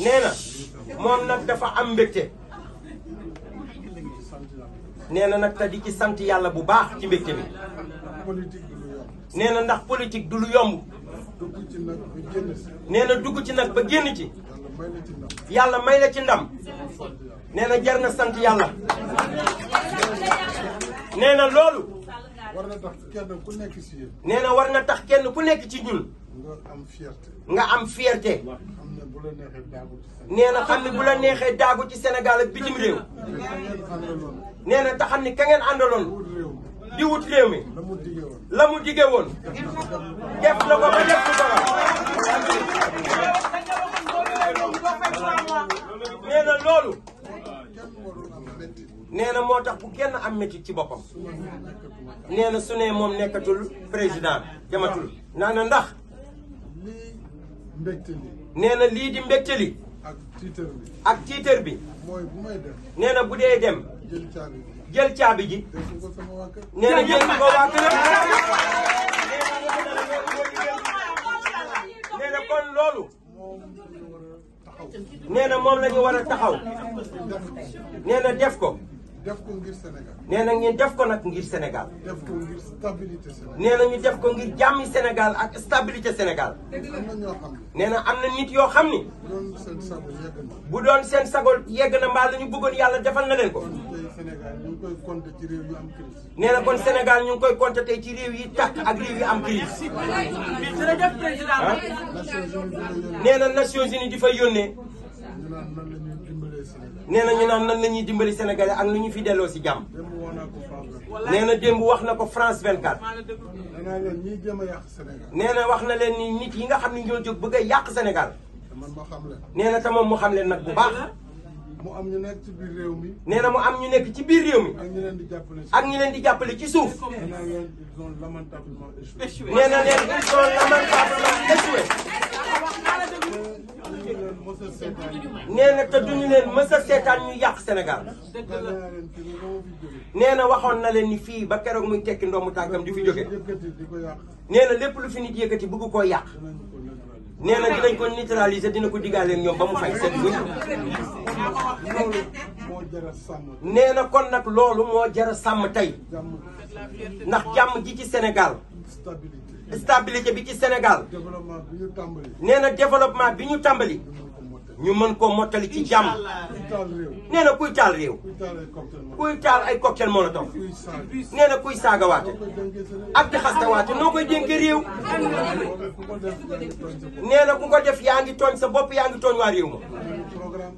nee na moom nag dafa am mbégte nee na nag te di ci sant yàlla bu baax ci mbégte bi nee na ndax politique du lu yomb nee na dugg ci nag ba génn ci yàlla may la ci ndam nee na jar na sant yàlla nee na loolu war na tax kenn ku nekk ci nee na war na tax kenn ku nekk ci ñun. nga am fierté. nga am fierté. ne bu la neexee daagu ci Sénégal. nee na xam ne bu la neexee daagu ci Sénégal ak bitim réew. nee na te xam ne ka ngeen àndaloon. di wut réew mi. la mu dige woon. def na ko ba def ci borom. nee na loolu. nee na moo tax bu kenn am métit ci boppam nee na moom nekkatul président dematul naa ndax nee lii di mbégte li ak tiitër bi ak bu may dem nee na bu dee dem jël caabi ji nee na jël ko waa loolu nee moom la war a taxaw nee def ko def ko ngir Sénégal. nee na ngeen def ko nag ngir Sénégal. ko ngir stabilité nee na ñu def ko ngir jàmmi Sénégal ak stabilité Sénégal. nee na am na nit yoo xam ni. bu doon seen sagol yegg na mbaa la ñu bëggoon yàlla defal na leen ko. nee na kon Sénégal ñu ngi koy compter tey ci réew yi tàkk ak réew yi am crise. ah nee na Nations Unies di fa yónnee. nee na ñu naan nan la ñuy dimbali sénégalais ak na ñu fi delloo si jàmm. nee na démb wax na ko France 24. nee wax na leen ni nit yi nga xam ne ñoo jóg bëgg a yàq Sénégal. nee na te moom mu xam leen nag bu baax. mu am ñu nekk ci biir nee na mu am ñu nekk ci biir réew mi. ak ñu leen di jàppale ci ak ñu leen di jàppale ci suuf. nee na leen ils sont lamentablement échoués. te ñu leen mës a seetaan ñu yàq Sénégal nee na waxoon na leen ni fii ba keroog muy tekki ndoomu tànkam di fi jóge nee na lépp lu fi nit yëkkati bëgg koo yàq nee na dinañ ko neutraliser dina ko digaaleen ñoom ba mu fay seen buñ nee na kon nag loolu moo jara sàmm tey ndax jàmm ji ci Sénégal stabilité bi ci Sénégal nee na développement bi ñu tàmbali ñu mën koo mottali ci jàmm. nee na kuy é réew. kuy taal ay cocktail molotov. nee na kuy saagawaate. ak di xastawaate noo koy dénkee réew. nee na ku ko def yaa ngi sa bopp yaa ngi tooñ waa